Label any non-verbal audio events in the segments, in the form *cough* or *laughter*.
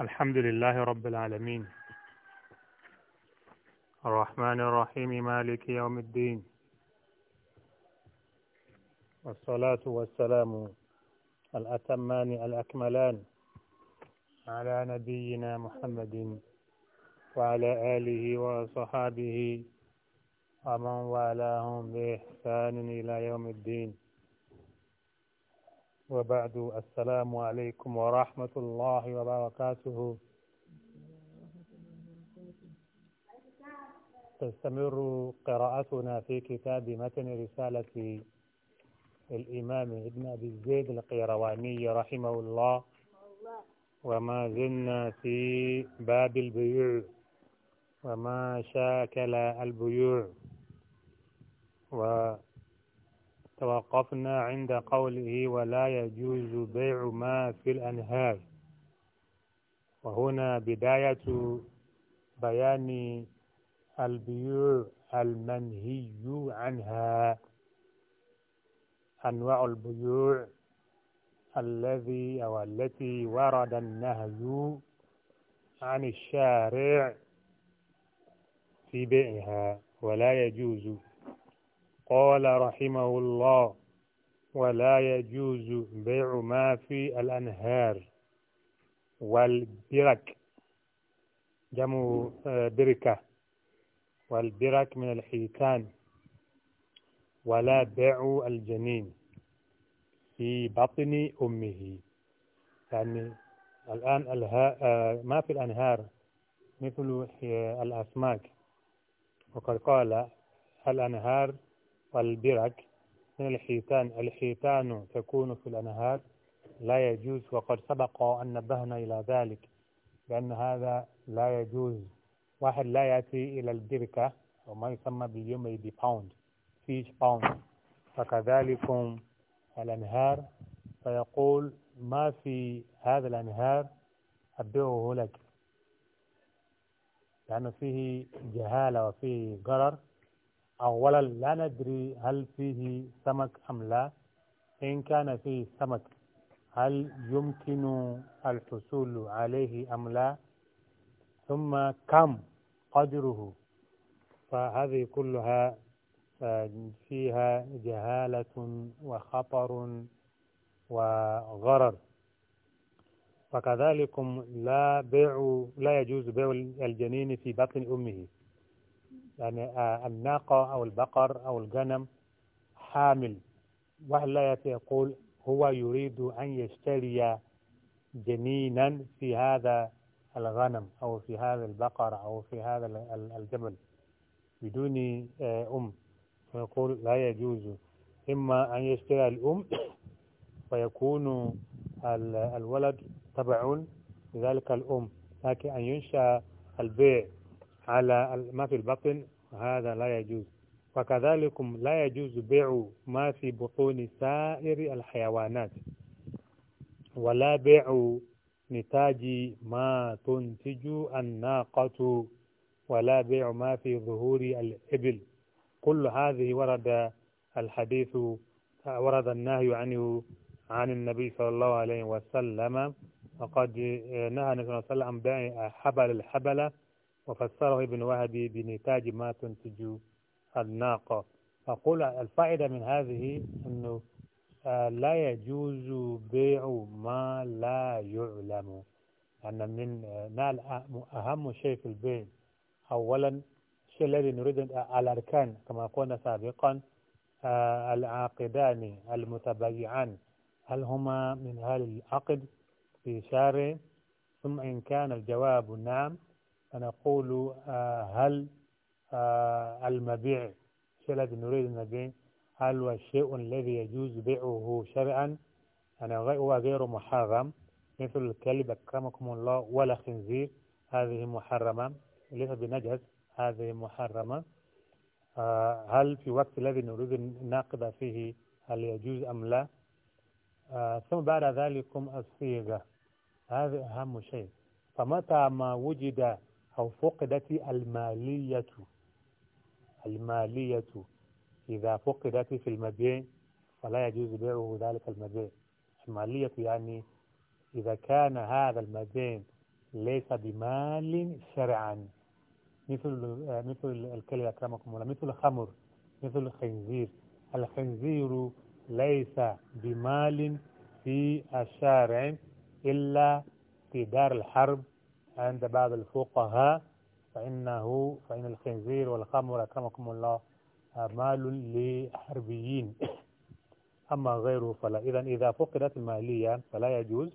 الحمد لله رب العالمين الرحمن الرحيم مالك يوم الدين والصلاة والسلام الأتمان الأكملان على نبينا محمد وعلى آله وصحابه ومن والاهم بإحسان إلى يوم الدين وبعد السلام عليكم ورحمة الله وبركاته تستمر قراءتنا في كتاب متن رسالة الإمام ابن أبي زيد القيرواني رحمه الله وما زلنا في باب البيوع وما شاكل البيوع و توقفنا عند قوله ولا يجوز بيع ما في الأنهار وهنا بداية بيان البيوع المنهي عنها أنواع البيوع الذي أو التي ورد النهي عن الشارع في بيعها ولا يجوز قال رحمه الله ولا يجوز بيع ما في الأنهار والبرك جمع آه، بركة والبرك من الحيتان ولا بيع الجنين في بطن أمه يعني الآن آه، ما في الأنهار مثل آه، الأسماك وقد قال الأنهار والبرك من الحيتان الحيتان تكون في الأنهار لا يجوز وقد سبق أن نبهنا إلى ذلك لأن هذا لا يجوز واحد لا يأتي إلى البركة وما يسمى باليوم باوند فيش باوند فكذلك الأنهار فيقول ما في هذا الأنهار أبيعه لك لأنه فيه جهالة وفيه قرر أولا لا ندري هل فيه سمك أم لا إن كان فيه سمك هل يمكن الحصول عليه أم لا ثم كم قدره فهذه كلها آه، فيها جهالة وخطر وغرر فكذلك لا بيع لا يجوز بيع الجنين في بطن أمه يعني آه، الناقة أو البقر أو الغنم حامل وهل يقول هو يريد أن يشتري جنينا في هذا الغنم أو في هذا البقر أو في هذا الجمل بدون آه، أم فيقول لا يجوز إما أن يشتري الأم *coughs* فيكون الولد تبع لذلك الأم لكن أن ينشأ البيع على ما في البطن هذا لا يجوز وكذلك لا يجوز بيع ما في بطون سائر الحيوانات ولا بيع نتاج ما تنتج الناقة ولا بيع ما في ظهور الإبل كل هذه ورد الحديث ورد النهي عنه عن النبي صلى الله عليه وسلم وقد نهى النبي صلى الله عليه وسلم عن بيع حبل الحبلة وفسره ابن وهبي بنتاج ما تنتج الناقة أقول الفائدة من هذه أنه آه، لا يجوز بيع ما لا يعلم أن من نال آه، أهم شيء في البيع أولا الشيء الذي نريد آه، الأركان كما قلنا سابقا العاقدان المتبايعان هل هما من هذا العقد في شارع ثم إن كان الجواب نعم فنقول آه، هل آه، المبيع الشيء الذي نريد أن نبيع هل هو الشيء الذي يجوز بيعه شرعا أنا غير محرم مثل الكلب أكرمكم الله ولا خنزير هذه محرمة ليس بنجس هذه محرمة آه، هل في وقت الذي نريد الناقبة فيه هل يجوز أم لا ثم بعد ذلك الصيغة هذا أهم شيء فمتى ما وجد أو فقدت المالية المالية إذا فقدت في المبيع فلا يجوز بيعه ذلك المبيع المالية يعني إذا كان هذا المبيع ليس بمال شرعا مثل مثل الكلى أكرمكم ولا مثل الخمر مثل الخنزير الخنزير ليس بمال في الشارع إلا في دار الحرب عند بعض الفقهاء فإنه فإن الخنزير والخمر أكرمكم الله مال لحربيين *coughs* أما غيره فلا إذا إذا فقدت المالية فلا يجوز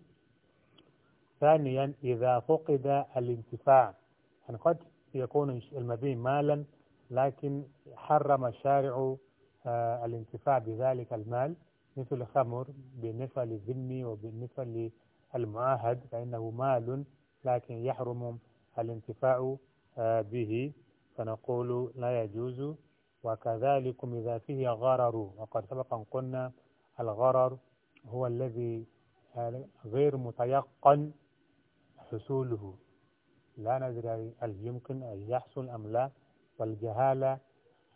ثانيا إذا فقد الانتفاع يعني قد يكون المبين مالا لكن حرم الشارع آه، الانتفاع بذلك المال مثل الخمر بالنسبة للذمي وبالنسبة للمعاهد فإنه مال لكن يحرم الانتفاع آه، به فنقول لا يجوز وكذلك إذا فيه غرر وقد سبق أن قلنا الغرر هو الذي آه، غير متيقن حصوله لا ندري هل يمكن أن يحصل أم لا والجهالة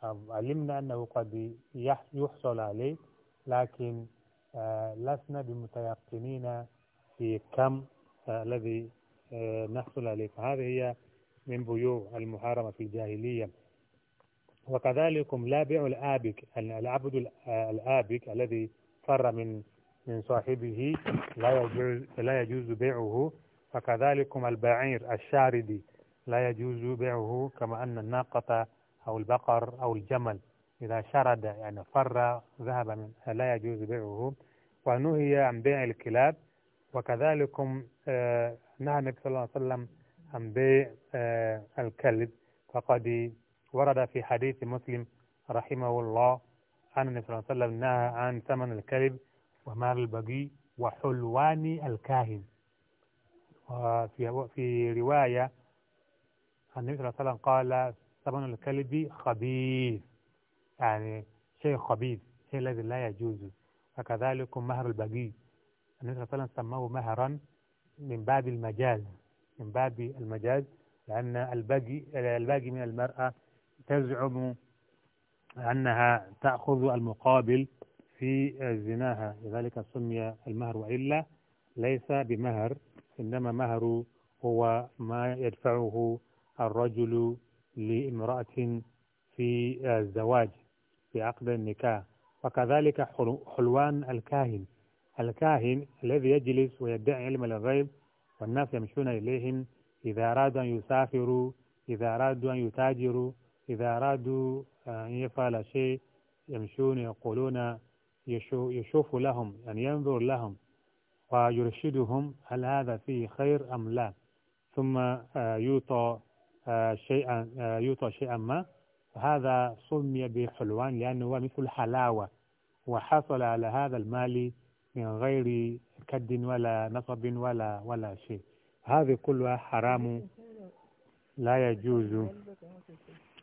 آه، علمنا أنه قد يحصل عليه لكن لسنا بمتيقنين في كم الذي آه، نحصل عليه فهذه هي من بيوع المحارمة في الجاهلية وكذلك لا بيع الآبك العبد الآبك الذي فر من من صاحبه لا يجوز لا يجوز بيعه فكذلك البعير الشاردي لا يجوز بيعه كما أن الناقة أو البقر أو الجمل إذا شرد يعني فر ذهب من لا يجوز بيعه ونهي عن بيع الكلاب وكذلك آه، نهى النبي صلى الله عليه وسلم عن بيع آه، الكلب فقد ورد في حديث مسلم رحمه الله عن النبي صلى الله عليه وسلم نهى عن ثمن الكلب ومال البقي وحلوان الكاهن وفي في رواية عن النبي صلى الله عليه وسلم قال ثمن الكلب خبيث يعني شيء خبيث شيء الذي لا يجوز وكذلك مهر البقي النبي صلى الله عليه وسلم سماه مهرا من باب المجاز من باب المجاز لأن الباقي الباقي من المرأة تزعم أنها تأخذ المقابل في زناها لذلك سمي المهر وإلا ليس بمهر إنما مهر هو ما يدفعه الرجل لامرأة في الزواج في عقد النكاح وكذلك حلوان الكاهن الكاهن الذي يجلس ويدعي علم الغيب والناس يمشون إليهم إذا أرادوا أن يسافروا إذا أرادوا أن يتاجروا إذا أرادوا آه، أن يفعل شيء يمشون يقولون يشوف لهم يعني ينظر لهم ويرشدهم هل هذا فيه خير أم لا ثم آه، يعطى آه، شيئا يوطى شيئا ما هذا سمي بحلوان لأنه هو مثل حلاوة وحصل على هذا المال من غير كد ولا نصب ولا ولا شيء هذه كلها حرام لا يجوز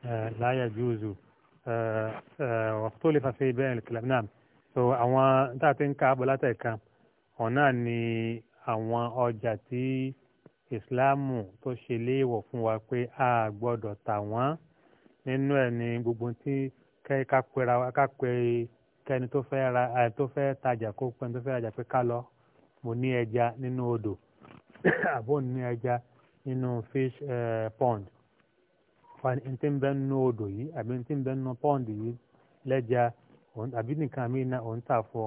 آه لا يجوز آه آه واختلف في بين الكلام نعم so àwọn tá a ti ń ka abọ́látẹ̀ka ọ̀nà ni àwọn ọjà tí ìsìláàmù tó ṣe léèwọ̀ fún wa pé a gbọ́dọ̀ tà wọ́n nínú ẹ̀ ni gbogbo tí ká pera ká pe kẹ́ni tó fẹ́ ra tó fẹ́ tajà kó pẹ́ni tó fẹ́ rajà pé ká lọ mo ní ẹja nínú odò *coughs* àbò ní ẹja nínú fish pond fani ntí ń bẹ nínú odò yìí àbí ntí ń bẹ nínú pond yìí lẹ́ja àbí nìkan mi náà òun tà fọ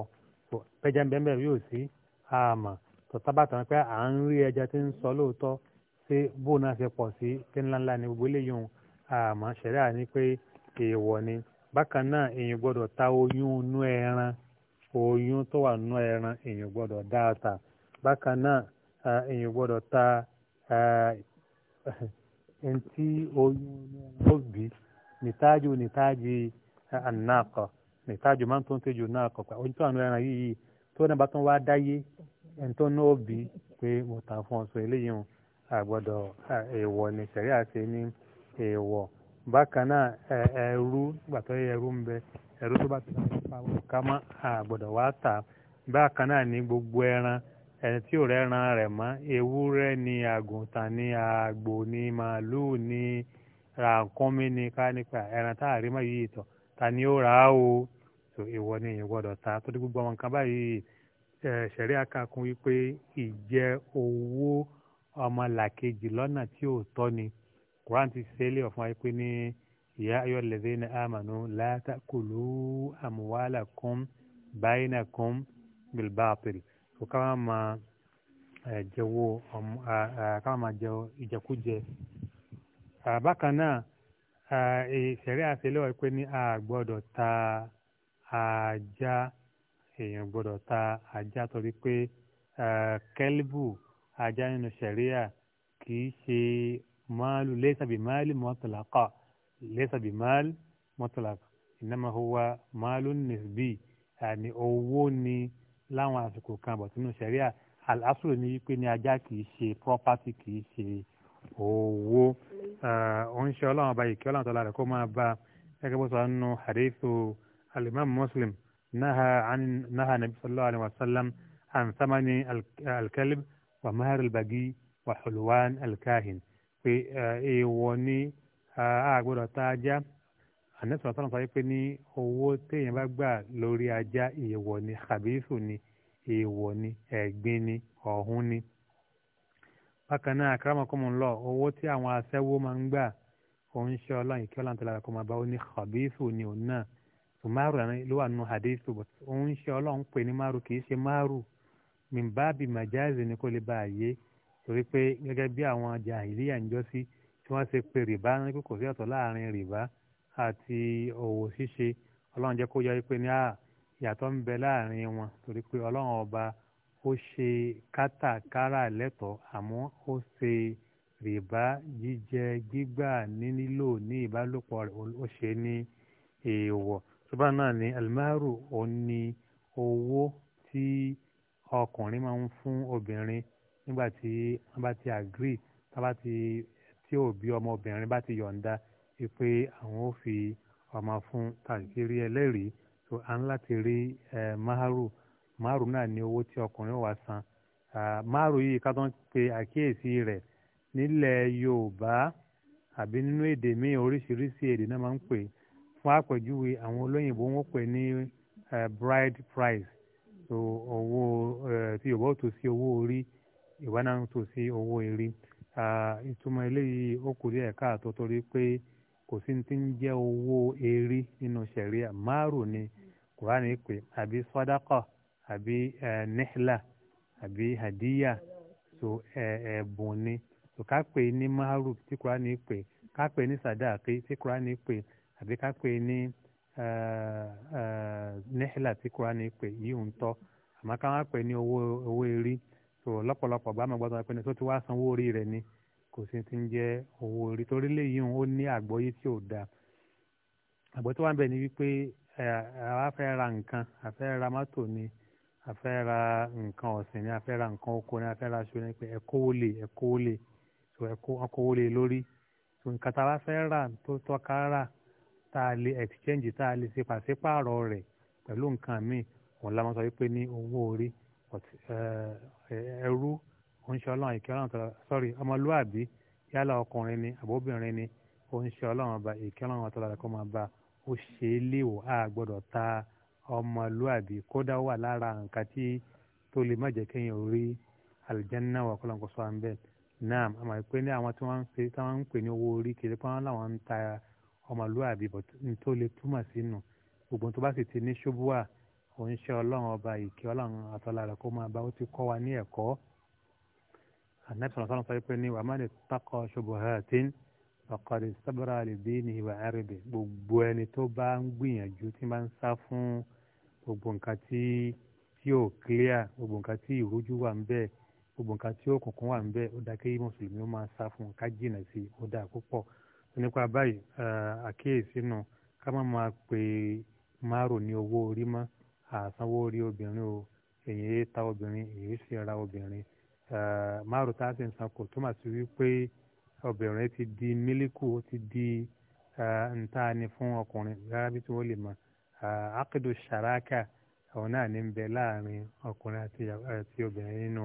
pẹ́jà ń bẹ́ẹ̀ bẹ́ẹ̀ yóò sí àmà tọ́tábàtà wọn pé à ń rí ẹja tí ń sọ lóòótọ́ pé bóun náà ṣe pọ̀ sí kí ńláńlá ni gbogbo eléyìí àmọ́ ṣẹ̀rẹ́ àní pé èèwọ̀ ni bákan náà èèyàn gbọ́dọ̀ ta oyún inú ẹran oyún tó wà nínú ẹran èèyàn gbọ́dọ̀ dáàtà bákan náà èèyàn gbọ́dọ̀ ta *laughs* ẹntì oyún inú ẹran ó bí nìtajú nìtají ànáàkọ nìtajú máa ń tó ń tẹjú náà kọ̀ọ̀kan oyún tó wà nínú ẹran yìí tó náà bá tún wá dáyé ẹ̀ńtọ́ náà ó pé mo ta fún ọ sọ eléyìí hàn àgbọ̀dọ̀ èèwọ̀ ni sẹ̀rí ní èèwọ̀. bákan náà ẹrú nígbà tó yẹ ẹrú ń bẹ ẹrú tó bá ti láti pa ká àgbọ̀dọ̀ wá tà bákan náà ní gbogbo ẹran ẹni tí ò rẹ̀ mọ́ ewúrẹ́ ni àgùntàn ni ni ni ni ká nípa ẹran tá a rí mọ́ yìí tọ̀ ta ni ó rà á o ìwọ ni ìyẹn gbọ́dọ̀ ni. quran ti ṣe lé ọ̀fun ayé pé ní ìyá ayọ̀ lẹ́dẹ́ ní amànú látàkùlù àmúwálà kún báyìnà kún bilbaatil kò ká máa jẹwo ká máa jẹ ìjẹkújẹ. bákan náà ìṣẹ̀rí e, àṣẹlẹ̀ wọ̀ pé ní a gbọ́dọ̀ ta ajá èèyàn gbọ́dọ̀ ta ajá torí pé kẹ́líbù ajá nínú ṣẹ̀ríà kì í ṣe مال ليس بمال مطلق ليس بمال مطلق إنما هو مال نسبي يعني أووني láwọn àsìkò kan bọ̀ sínú sẹ̀ríà àlásùrò ní wípé ní ajá kìí ṣe property kìí ṣe owó oúnṣẹ́ ọlọ́run ọba ìkẹ́ ọlọ́run tọ́lá rẹ̀ kó máa bá gẹ́gẹ́ bó sọ nínú hadithu alimam muslim naha naha nabi sallallahu alayhi wa sallam an samani alkalib wa mahar albagi wa xulwan alkahin pé èèwọ̀ ni àgbọ̀dọ̀ ta ajá ànẹ́sọ̀ àtọ́nà sọ pé ní owó téèyàn bá gbà lórí ajá èèwọ̀ ni kàbíyèsù ni èèwọ̀ ni ẹ̀gbin ni ọ̀hún ni. bákan náà akérèmọkọ́mọ ńlọ owó tí àwọn aṣẹ́wó máa ń gbà òun ṣe ọlọ́run ìkí ọlọ́run tó lára kó máa bá ó ní kàbíyèsù ni òun náà tùmáàrù ló wà nínú hadithu òun ṣe ọlọ́run pè ní máàrù kì í ṣe máàrù mìbáàbì màjáàzì ni kò lè bá àyè torí pé gẹ́gẹ́ bí àwọn jàhìlíyà ń jọ sí tí wọ́n ṣe pé rìbá ní pé kò sí ọ̀tọ̀ láàrin rìbá àti òwò ṣíṣe ọlọ́run jẹ́ kó yọ pé ní ah, ìyàtọ̀ ń bẹ láàrin wọn torí pé ọlọ́run ọba ó ṣe kátàkárà lẹ́tọ̀ọ́ àmọ́ ó ṣe rìbá jíjẹ gbígbà ní nílò ní ìbálòpọ̀ ó ṣe ní èèwọ̀ ṣùgbọ́n náà ni almaru òun ni owó tí ọkùnrin máa ń fún obìnrin nígbà tí wọ́n bá ti agree tí wọ́n bá ti tí òbí ọmọbìnrin bá ti yọ̀ǹda pé àwọn ò fi ọmọ fún tàbí ẹlẹ́rìí tó à ń láti rí máàrù máàrù náà ní owó tí ọkùnrin wà san máàrù yìí ká tó ń pe àkíyèsí rẹ̀ nílẹ̀ Yorùbá àbí nínú èdè míì oríṣiríṣi èdè náà máa ń pè fún àpèjúwe àwọn olóyìnbó wọn pè ní bride price so owó tí Yorùbá ò tó sí owó orí. ìwé náà ń tò sí owó eré ìtumọ̀ eléyìí ó kù díẹ̀ torí pé kò sí ti ń jẹ́ owó eré nínú sẹ̀ríà márùn ni kùránì pé àbí sọ́dákọ̀ àbí nihla àbí hadiya so ẹ̀bùn ni so ká pè ní márùn tí kùránì pè ká pè ní sàdáàkì tí kùránì pè àbí ká pè ní tí kùránì pè yìí ń tọ́ àmọ́ ká wá pè ní owó eré. so lọ́pọ̀lọpọ̀ bá mọ̀ gbọ́dọ̀ pé ní tó ti wá sanwó orí rẹ̀ ni kò sì ti ń jẹ́ owó orí torí léyìí ó ní àgbọ́yé tí ò dáa àgbọ́yé tó wà ń bẹ̀ ni wípé àwa fẹ́ ra nǹkan a fẹ́ ra mọ́tò ni a fẹ́ ra nǹkan ọ̀sìn ni a fẹ́ ra nǹkan oko ni a fẹ́ ra aṣọ ni pé ẹ̀kówó lè ẹ̀kówó lè so ẹ̀kówó lè lórí so nǹkan tá a bá fẹ́ tó tọ́ka rà tá a lè exchange tá a lè ṣe pàṣípààrọ̀ rẹ̀ pẹ̀lú nǹkan míì òun la máa sọ wípé ní owó orí Uh, ẹrú oníṣẹ́ ọlọ́run ìkẹ́ ọlọ́run tọ́lá sọ́rí ọmọlúwàbí yálà ọkùnrin ni àbóbìnrin ni oníṣẹ́ ọlọ́run ọba ìkẹ́ ọlọ́run tọ́lá kọ́ máa bá ó ṣe é léwọ̀ á gbọ́dọ̀ ta ọmọlúwàbí kódà wà lára nǹkan tí tó lè má jẹ́ kéèyàn rí àlùjánnà wà kọ́ lọ́nkọ́ sọ à ń bẹ̀ náà àmọ́ ìpè ní àwọn tí wọ́n ń ṣe táwọn ń pè ní owó orí kiri pé wọ́n ń ta ọmọlúwàbí tó lè túmọ̀ sínú gbogbo tó bá sì ti ní ṣubúà òun ṣe ọlọ́run ọba ìkẹ́ ọlọ́run àtọ́lára kó máa bá ó ti kọ́ wa ní ẹ̀kọ́ anabi sọ̀rọ̀ sọ̀rọ̀ sọ pé ní wàá má lè takọ̀ ṣubu hàtín ọ̀kadì sábàrà lè bí ní ìwà àrèbè gbogbo ẹni tó bá ń gbìyànjú tí bá ń sá fún gbogbo nǹkan tí tí ò clear gbogbo nǹkan tí ìrújú wà ń bẹ gbogbo nǹkan tí òkùnkùn wà ń bẹ ó dá kí mùsùlùmí ó máa sá fún ká jìnà sí i ó dáa púpọ̀ nípa báyìí àkíyèsí nù ká má máa pè márùn ní owó orí mọ́ àsanwó orí obìnrin o èyí ń ta obìnrin èyí sì ra obìnrin márùn tá a sì ń san kò túmọ̀ sí wípé obìnrin ti di mílíkù ó ti di nta ni fún ọkùnrin rárá bí tí wọ́n lè mọ̀ akédo sàràkà àwọn náà ní ń bẹ láàrin ọkùnrin àti obìnrin nínú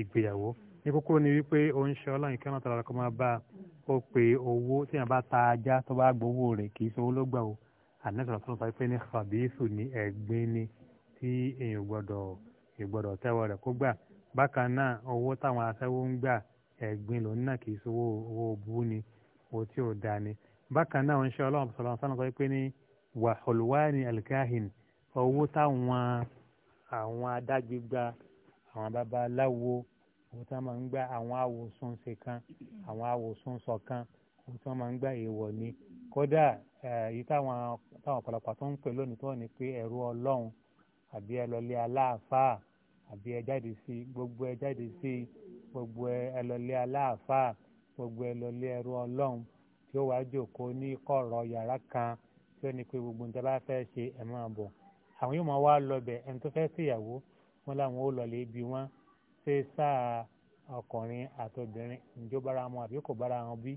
ìgbéyàwó ní kúkúrú ni wípé ó ń ṣe ọlọ́run kí wọ́n tọ́ra kó máa bá ó pe owó tí yẹn bá ta ajá tó bá gbowó rẹ̀ kì í ṣe ló gbà o ànágbèrè tó ń sọ pé ní xabíìsù ní ẹ̀gbin ni tí èèyàn gbọ́dọ̀ ìgbọ́dọ̀ tẹ́wọ́ rẹ̀ kó gbà bákan náà owó táwọn aṣẹ́wó ń gbà ẹ̀gbin lòun náà kì í sọ owó bú ni owó tí ò dáa ni bákan náà ń ṣe ọlọ́run sọ̀rọ̀ sọ́nà sọ pé ní wàhùlùwáàní alkahin owó táwọn àwọn adágbégbá àwọn babaláwo owó tí wọ́n máa ń gbà àwọn awòsùnṣe kan àwọn awòsùnṣọ kan owó tí wọ́n máa ń gbà èèwọ̀ ni kódà Eh, èyí táwọn táwọn ọ̀pọ̀lọpọ̀ tó ń pè lónìí tó ní pé ẹ̀rú ọlọ́run àbí ẹ lọlé aláàfáà àbí ẹ jáde sí gbogbo ẹ jáde sí gbogbo ẹ lọlé aláàfáà gbogbo ẹ lọlé ẹ̀rú ọlọ́run tí ó wàá jòkó ní kọ̀rọ̀ yàrá kan tí ó ní pé gbogbo nǹkan bá fẹ́ ṣe ẹ̀ máa bọ̀ àwọn yóò máa wá lọbẹ̀ ẹni tó fẹ́ síyàwó wọn làwọn ó lọlé ibi wọn ṣe sáà ọkùnrin àtobìnrin ǹjọ́ bára wọn àbí kò bára wọn bí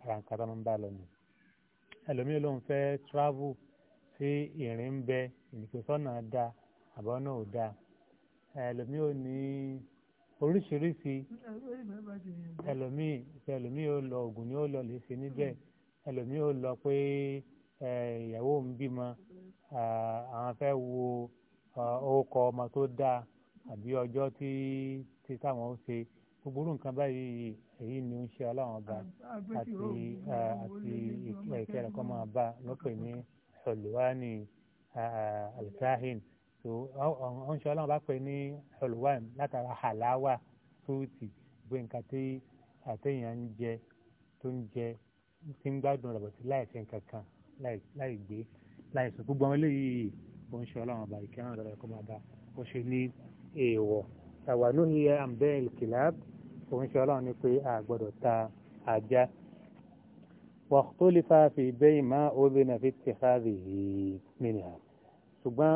àràǹkà tó ń bá lọ nìyí ẹlòmíì ló ń fẹ́ travel sí ìrìn ń bẹ ìdìkòsọ́nà da àbọ̀nà ò da ẹlòmíì ò ní oríṣiríṣi ẹlòmíì ẹlòmíì ò lọ ògùn ni ó lọ lè ṣe níbẹ̀ ẹlòmíì ò lọ pé ìyàwó ń bímọ àwọn fẹ́ wo orúkọ ọmọ tó dáa àbí ọjọ́ tí táwọn ó ṣe gbogbo nǹkan báyìí èyí ni ń ṣe ọlọ́run ọba àti àti eh, ìkẹrẹ kọ́ máa bá lọ́pẹ̀ ní ṣọlùwánì eh, alkahin tó ń ṣe ọlọ́run ọba pẹ̀ ní ṣọlùwánì látara halawa fúrúùtì gbé nǹkan tí àtẹ̀yàn eh, ń jẹ tó ń jẹ tí ń gbádùn rẹ̀ bọ̀tí láì ṣe nǹkan kan láì gbé láì sùn gbogbo àwọn eléyìí ó ń ṣe ọlọ́run ọba ìkẹrẹ kọ́ máa bá ó ṣe ní èèwọ̀ tàwa lóhìí àmbẹ́ ìkìláàbù òun ṣe ọlọ́run ní pé a gbọ́dọ̀ ta ajá wàhùtólífà fi bẹ́ẹ̀ má òbí náà fi tẹ̀káàdì mìíràn ṣùgbọ́n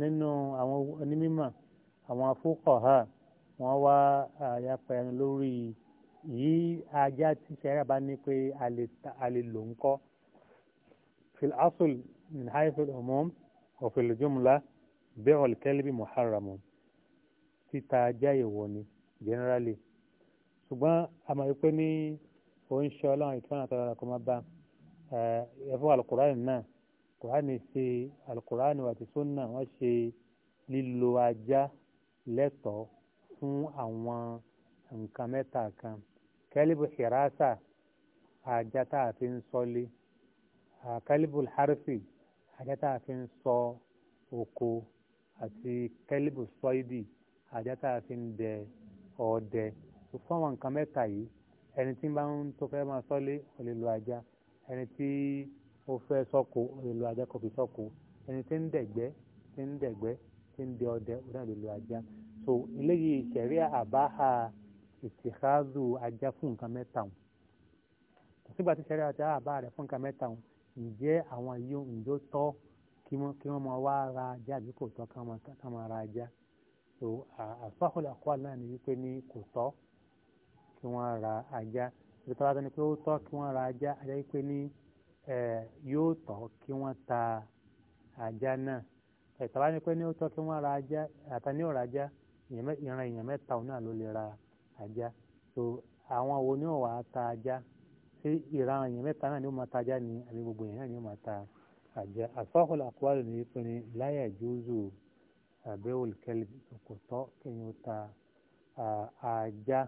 nínú àwọn onímọ̀ àwọn afúkọ̀ ha wọ́n wá àyàpọ̀ ẹnu lórí yìí ajá tí sẹ́rà bá ní pé a lè lò ń kọ́ fil asul min haifil umum ofil jumla bẹ́ẹ̀ muharram títa ajá ìwọ ni generally ṣùgbọ́n a máa rí pé ní òun ṣe ọlọ́run ìtura àti ọ̀rọ̀ kò máa bá eh, ẹ̀fọ́ alukurani náà kurani ṣe alukurani àti sunna wọ́n ṣe lílo ajá lẹ́tọ̀ọ́ fún àwọn nǹkan mẹ́ta kan kẹ́líbù ṣìráṣà ajá tá a fi ń sọ́lé kẹ́líbù harifi ajá tá a fi ń sọ oko àti kẹ́líbù sọ́ìdì ajá tá a fi ń dẹ ọdẹ tó fún àwọn nǹkan mẹ́ta yìí ẹni tí bá ń tó fẹ́ máa sọ́lé ó lè lo ajá ẹni tí ó fẹ́ sọ́kò ó lè lo ajá kò fi sọ́kò ẹni tí ń dẹ̀gbẹ́ tí ń dẹ̀gbẹ́ tí ń dẹ ọdẹ ó náà lè lo ajá so eléyìí ṣẹ̀rí àbáhà ìtìkáàzù ajá fún nǹkan mẹ́ta wọn kò sígbà tí ṣẹ̀rí àti àbáhà rẹ̀ fún nǹkan mẹ́ta wọn ǹjẹ́ àwọn yìí ǹjọ́ tọ́ kí wọ́n máa wá ra ajá àbí kò tọ́ ká máa ra ajá so àfáhùn àkọ́wà náà ni wípé ní kò tọ́ kí wọ́n ra ajá ibi tó bá ni pé ó tọ́ kí wọ́n ra ajá ajá wípé ní yóò tọ́ kí wọ́n ta ajá náà ìtàbá ni pé ní ó tọ́ kí wọ́n ra ajá àtàní ọ̀rọ̀ ajá ìran èèyàn mẹ́ta òun náà ló lè ra ajá so àwọn wo ni ó wà á ta ajá sí ìran èèyàn mẹ́ta náà ni ó máa ta ajá ni àbí gbogbo èèyàn náà ni ó máa ta ajá àfáhùn àkọ́wà ni wípé ní láyà jùzù bẹ́ẹ̀wòl kẹlẹ́bì kò tọ́ kéèyàn ó ta ajá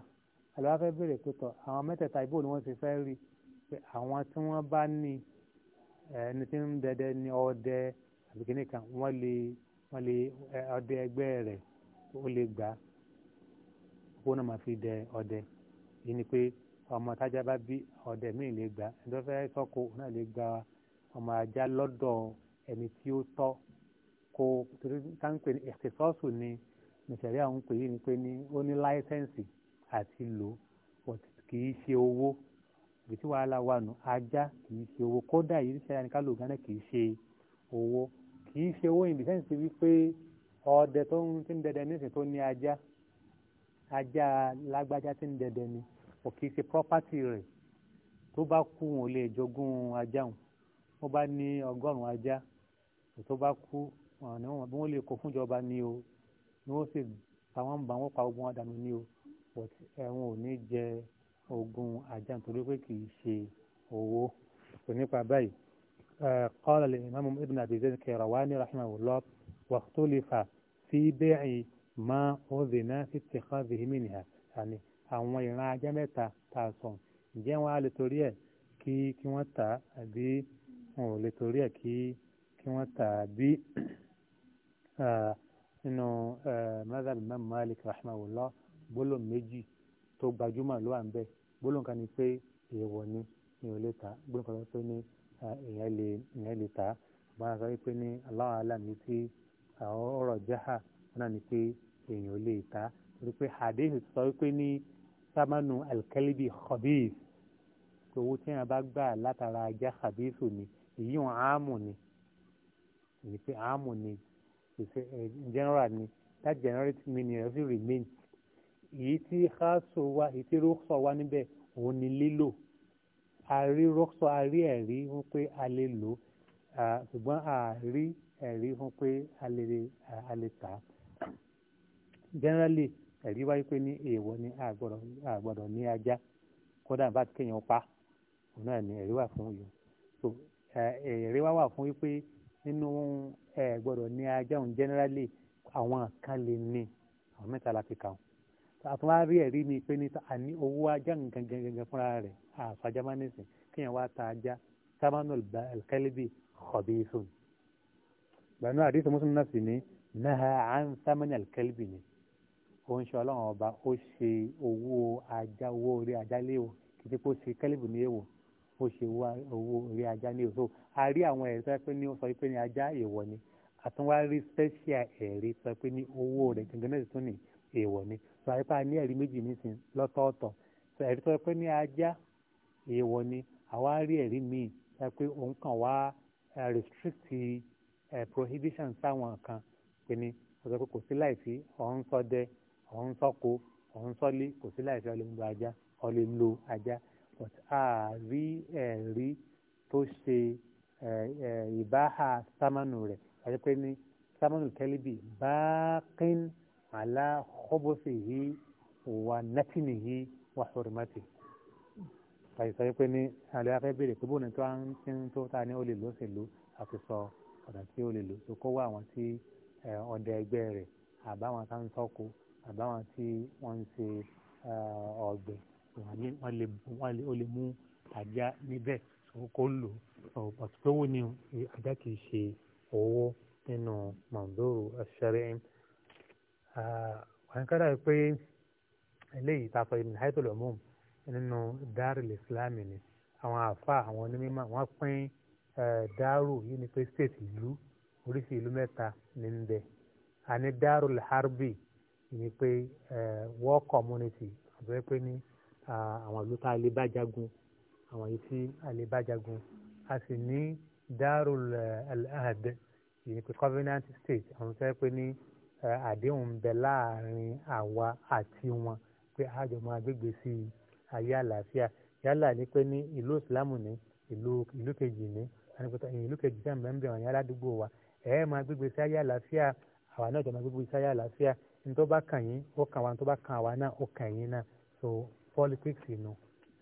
àlọ́wọ́ fẹ́ bèrè pé tọ́ àwọn mẹ́tẹ̀ẹ̀ta ibo ni wọ́n ti fẹ́ rí pé àwọn tí wọ́n bá ní ẹni tí ń dẹdẹ ní ọdẹ àbí kìíní kan wọ́n lè wọ́n lè ọdẹ ẹgbẹ́ rẹ̀ ó lè gbà owó náà máa fi dẹ ọdẹ yìí ni pé ọmọ tájá bá bí ọdẹ míì lè gbà ẹni tó fẹ́ sọ́kò náà lè gba ọmọ ajá lọ́dọ̀ ẹni tí ó tọ́ kò torí táǹpé ẹ̀sìfọ́sù ni nìṣẹ̀rí àwọn pè é ni pé ní ó ní láísẹ̀nsì àti lò kì í ṣe owó ibi tí wàhálà wà nù ajá kì í ṣe owó kódà yìí ṣe àyànká lò gánà kì í ṣe owó kì í ṣe owó ìdí sẹ́ǹsì wípé ọdẹ tó ń ti ń dẹdẹ nísìn tó ní ajá ajá lágbájá ti ń dẹdẹ ni kò kì í ṣe property rẹ̀ tó bá kú wọn ò lè jogún ajá wọn ó bá ní ọgọ́rùn ajá tó bá kú wọn ni wọn bí wọn lè kó fúnjọba ni o ni wọn sì àwọn bá wọn pa ogun àdánù ni o but ẹ̀wọ̀n ò ní jẹ ogun ajá nítorí pé kì í ṣe owó kò nípa báyìí qala al-imam ibn abi zayd al-qayrawani rahimahullah wàhtólifà fi bẹ́ẹ̀ ma ọ̀dìnà fi ittikhadhihi minha àní àwọn ìran ajá mẹ́ta tá a sọ ǹjẹ́ wọn á lè torí ẹ̀ kí kí wọ́n tà àbí wọn ò lè torí ẹ̀ kí kí wọ́n tà àbí nínú eh, mazhab Imam Malik rahimahullah gbólóhùn méjì tó gbajúmọ̀ ló wà ń bẹ̀ gbólóhùn kan ni pé èèwọ̀ ni mi ò lè ta gbólóhùn kan pé ní eh, èèyàn lè ta àbára sọ pé ní aláwọ̀ aláàmì tí ọ̀rọ̀ jáhà náà ni pé èèyàn lè ta torí pé hadith sọ pé ní sámánù alkalibi khabith owó tí wọn bá gbà látara ajá khabith ni èyí wọn àámù ni èyí pé àámù ni Eh, in general ni that generate meaning rẹ̀ sì remain èyí tí xaaso wa èyí tí rọ́ksọ̀ wa níbẹ̀ òun ni lílò àrí rọ́ksọ̀ àrí ẹ̀rí fún pé a lè lò ṣùgbọ́n àrí ẹ̀rí fún pé a lè tà á generally ẹ̀rí wáyé pé ní èèwọ̀ ni àgbọ̀dọ̀ ní ajá kódà bá ti kéèyàn pa òun náà ni ẹ̀rí wà fún yìí so ẹ̀rí wá wà fún yìí pé nínú ẹ gbọ́dọ̀ ní ajá òun generally àwọn kan lè ní àwọn mẹ́ta láti kà wọn àtúnwárí ẹ̀rí ni pé ní àní owó ajá nǹkan gẹ́gẹ́ fúnra rẹ̀ àṣà germanism kéèyàn wá ta ajá samanul alkalibi kọ̀bíìsùn gbanú àdìsí mùsùlùmí náà sì ní náà à ń samanul alkalibi ni ó ń ṣe ọlọ́run ọba ó ṣe owó ajá owó orí ajá léèwọ̀ kìtìkó ṣe kalibi ní èèwọ̀ bó ṣe wá owó orí ajá ní òṣò a rí àwọn ẹ̀rí sọ pé ní ó sọ pé ní ajá èèwọ̀ ni àtúnwá rí special ẹ̀rí sọ pé ní owó rẹ̀ gangan náà tún ní èèwọ̀ ni sọ àyípa ní ẹ̀rí méjì nísìn lọ́tọ̀ọ̀tọ̀ sọ ẹ̀rí sọ pé ní ajá èèwọ̀ ni àwa rí ẹ̀rí míì sọ pé òun kàn wá eh, restrict eh, prohibition sáwọn kan pé ní ọ̀sẹ̀ pé kò sí láìsí ọ̀hún sọdẹ ọ̀hún sọkò ọ̀hún sọlé kò sí láìsí ọlẹ́mú but a rí ẹ̀rí tó ṣe ìbáha sámánù rẹ̀ àti pé ní sámánù tẹ́lẹ̀bì báqín àlá khubusihi wà hurmati àti sọ pé ní àlẹ́ afẹ́ bèrè pé bóun tó ń tí ń tó ta ní ó lè lóṣèlú àti sọ ọ̀nà tí ó lè lò tó kó wá àwọn tí ọ̀dẹ ẹgbẹ́ rẹ̀ àbáwọn tá ń sọ́kù àbáwọn tí wọ́n ń ṣe ọ̀gbìn wọ́n lè wọ́n lè ó lè mú ajá níbẹ̀ kó lò ó pàtó pé wọ́n ní ajá kì í ṣe owó nínú mọ̀ndóró ẹ̀ṣẹ̀rẹ̀ wọ́n kára pé eléyìí tá a fọ ìmìlẹ̀ àìtó lọ́mọ́ nínú dárìl islam ni àwọn àfa àwọn onímọ̀ wọ́n pín dárò yìí ni pé state ìlú oríṣi ìlú mẹ́ta ní ń bẹ àní dárò harbi ni pé war community àbẹ́ pé àwọn ìlú tá a lè bá jagun àwọn yìí tí a lè bá jagun a sì ní darul eh, ahad yìí pé covenant state àwọn tó yẹ pé ní eh, àdéhùn ń bẹ láàrin àwa àti wọn pé àjọ máa gbégbé sí ayé àlàáfíà yálà ní pé ní ìlú ìsìlámù ní ìlú ìlú kejì ní àníkùtà ìlú kejì tí àmì bẹ́ẹ̀ wọ̀nyí aládùúgbò wa ẹ̀ ẹ́ máa gbégbé sí ayé àlàáfíà àwa náà jọ máa gbégbé sí ayé àlàáfíà ní tó bá kàn yín ó kàn wá ní tó bá kàn àwa náà ó kàn yín náà so politics nù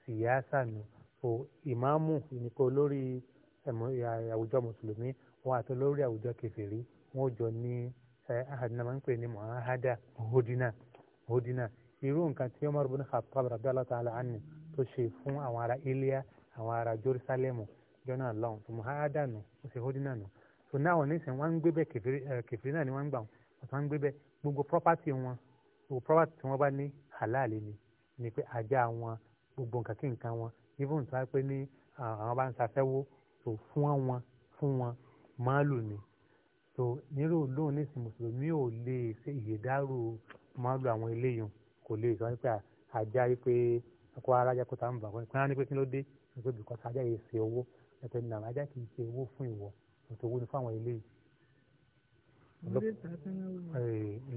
siyasa nù so ìmáàmù ìníkọ lórí àwùjọ mùsùlùmí wọn àti olórí àwùjọ kẹfìrí wọn ò jọ ni ahadina máa ń pè ní muhahada hodina hodina irú nǹkan tí Umar bin Khattab radiyallahu ta'ala anhu tó ṣe fún àwọn ará Ilya àwọn ará Jerusalemu jọ́nà lọ́hùn tó muhahada nù ó ṣe hodina nù so náà wọn nísìnyí wọn ń gbé bẹ kẹfìrí náà ni wọn ń gbà wọn ń gbé bẹ gbogbo property wọn gbogbo property tí wọn bá ní halal ni ni pé ajá wọn gbogbo nǹkan kí nǹkan wọn even tí wọ́n pè ní àwọn bá ń safẹ́wó So fún wọn fún wọn màálù ni tó nírò lóun ní ìsìn mùsùlùmí ò lè ṣe ìyèdárò màálù àwọn eléyìí kò lè sọ pé ajá yìí pé kó arájá kó tàǹbà wọn ìpínlẹ̀ ní pé kí ló dé nígbà bí kọ́sá ajá yìí ṣe owó ẹ̀tọ́ ní àwọn ajá kì ṣe owó fún ìwọ ètò owó ni fún àwọn eléyìí.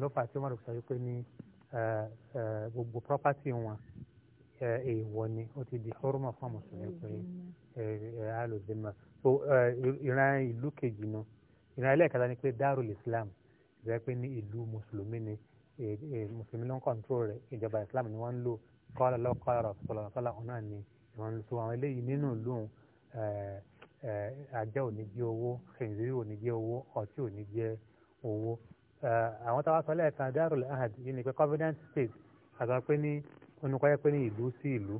lọ́pàá tí wọ́n rò sọ pé ní gbogbo property wọn èèwọ̀ ni ó ti di hurma fún mùsùlùmí pé alòzima so ìran ìlú kejì nu ìran ẹlẹ́ẹ̀kẹta ni pé darul islam ìrẹ́ pé ní ìlú mùsùlùmí ni mùsùlùmí ló ń kọ́ńtró rẹ̀ ìjọba islam ni wọ́n ń lò kọ́lá lọ́wọ́ kọ́lá rọ̀ sọ̀rọ̀ sọ́lá ọ̀nà ni wọ́n ń so àwọn eléyìí nínú lóhùn ajá ò ní jẹ́ owó kẹ̀ǹdírí ò jẹ́ owó ọtí ò jẹ́ owó. Eh, àwọn táwa sọ lẹ́ẹ̀kan darul ahad yìí ni pé covenant state àtàwọn pé ní onukọ́ yẹ pé ní ìlú sí ìlú